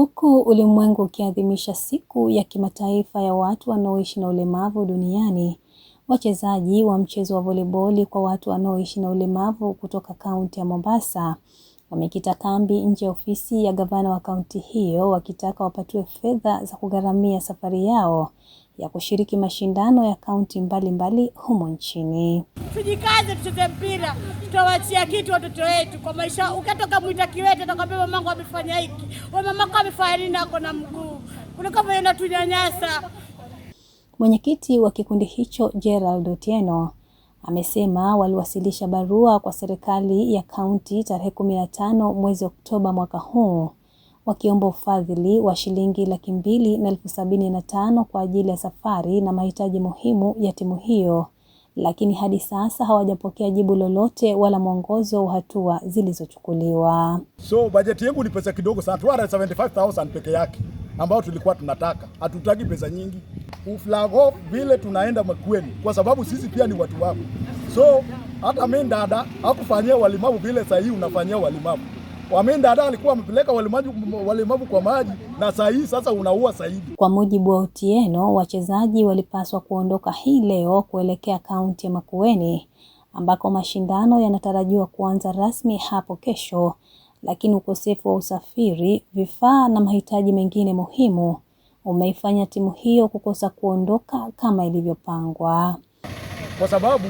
Huku ulimwengu ukiadhimisha siku ya kimataifa ya watu wanaoishi na ulemavu duniani, wachezaji wa mchezo wa voliboli kwa watu wanaoishi na ulemavu kutoka kaunti ya Mombasa wamekita kambi nje ya ofisi ya gavana wa kaunti hiyo wakitaka wapatiwe fedha za kugharamia safari yao ya kushiriki mashindano ya kaunti mbalimbali humo nchini. Tujikaze, tucheze mpira, tutawachia kitu watoto wetu kwa maisha. Ukatoka mwitaki wetu atakwambia mamangu amefanya hiki, mamangu amefanya nini, ako na mguu unakavyoenda tunyanyasa. Mwenyekiti wa kikundi hicho Gerald Otieno Amesema waliwasilisha barua kwa serikali ya kaunti tarehe 15 mwezi Oktoba mwaka huu wakiomba ufadhili wa shilingi laki mbili na elfu sabini na tano kwa ajili ya safari na mahitaji muhimu ya timu hiyo, lakini hadi sasa hawajapokea jibu lolote wala mwongozo wa hatua zilizochukuliwa. So bajeti yangu ni pesa kidogo sana, 275,000 peke yake ambayo tulikuwa tunataka. Hatutaki pesa nyingi uflago vile tunaenda Makueni, kwa sababu sisi pia ni watu wako. So hata mimi dada hakufanyia walemavu vile saa hii unafanyia walemavu. Wamin dada alikuwa amepeleka walemavu kwa maji na saa hii sasa unaua zaidi. Kwa mujibu wa Otieno, wachezaji walipaswa kuondoka hii leo kuelekea kaunti ya Makueni ambako mashindano yanatarajiwa kuanza rasmi hapo kesho, lakini ukosefu wa usafiri, vifaa na mahitaji mengine muhimu umeifanya timu hiyo kukosa kuondoka kama ilivyopangwa, kwa sababu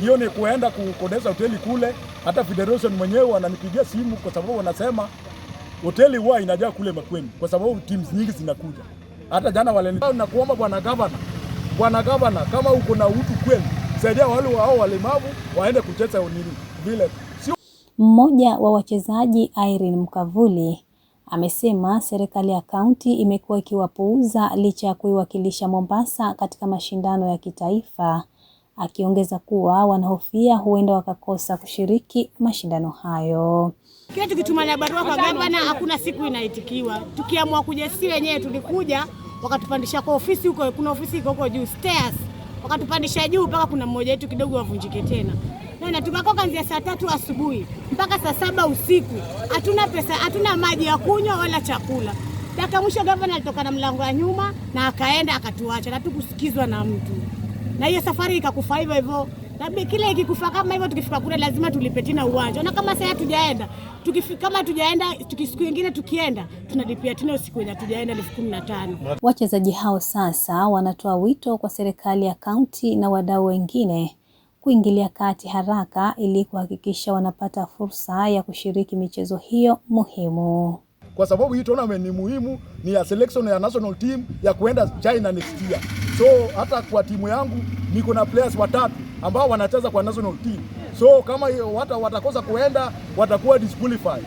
hiyo ni kuenda kukodesha hoteli kule. Hata federation mwenyewe wananipigia simu kwa sababu wanasema hoteli huwa inajaa kule Makueni kwa sababu teams nyingi zinakuja. Hata jana wale, nakuomba bwana gavana, bwana gavana, kama uko na utu kweli, saidia wale wao walemavu waende kucheza nini vile. Mmoja wa wachezaji Irene Mkavuli Amesema serikali ya kaunti imekuwa ikiwapuuza licha ya kuiwakilisha Mombasa katika mashindano ya kitaifa, akiongeza kuwa wanahofia huenda wakakosa kushiriki mashindano hayo. Kila tukitumana barua kwa gavana, hakuna siku inaitikiwa. Tukiamua kuja, si wenyewe tulikuja, wakatupandisha kwa ofisi huko, kuna ofisi iko huko juu stairs, wakatupandisha juu mpaka kuna mmoja wetu kidogo wavunjike tena sana. Tumekuwa kuanzia saa tatu asubuhi mpaka saa saba usiku, hatuna pesa, hatuna maji ya kunywa wala chakula. Daka mwisho gavana alitoka na mlango wa nyuma na akaenda akatuacha, na tukusikizwa na mtu, na hiyo safari ikakufa hivyo hivyo labda kile ikikufa kama hivyo, tukifika kule lazima tulipe tena uwanja, na kama sasa hatujaenda tukifika, kama tujaenda siku nyingine tukienda tunalipia tena usiku wenye tujaenda elfu kumi na tano. Wachezaji hao sasa wanatoa wito kwa serikali ya kaunti na wadau wengine kuingilia kati haraka ili kuhakikisha wanapata fursa ya kushiriki michezo hiyo muhimu. Kwa sababu hii tournament ni muhimu, ni ya selection ya national team ya kuenda China next year. So hata kwa timu yangu niko na players watatu ambao wanacheza kwa national team, so kama hata watakosa kuenda watakuwa disqualified.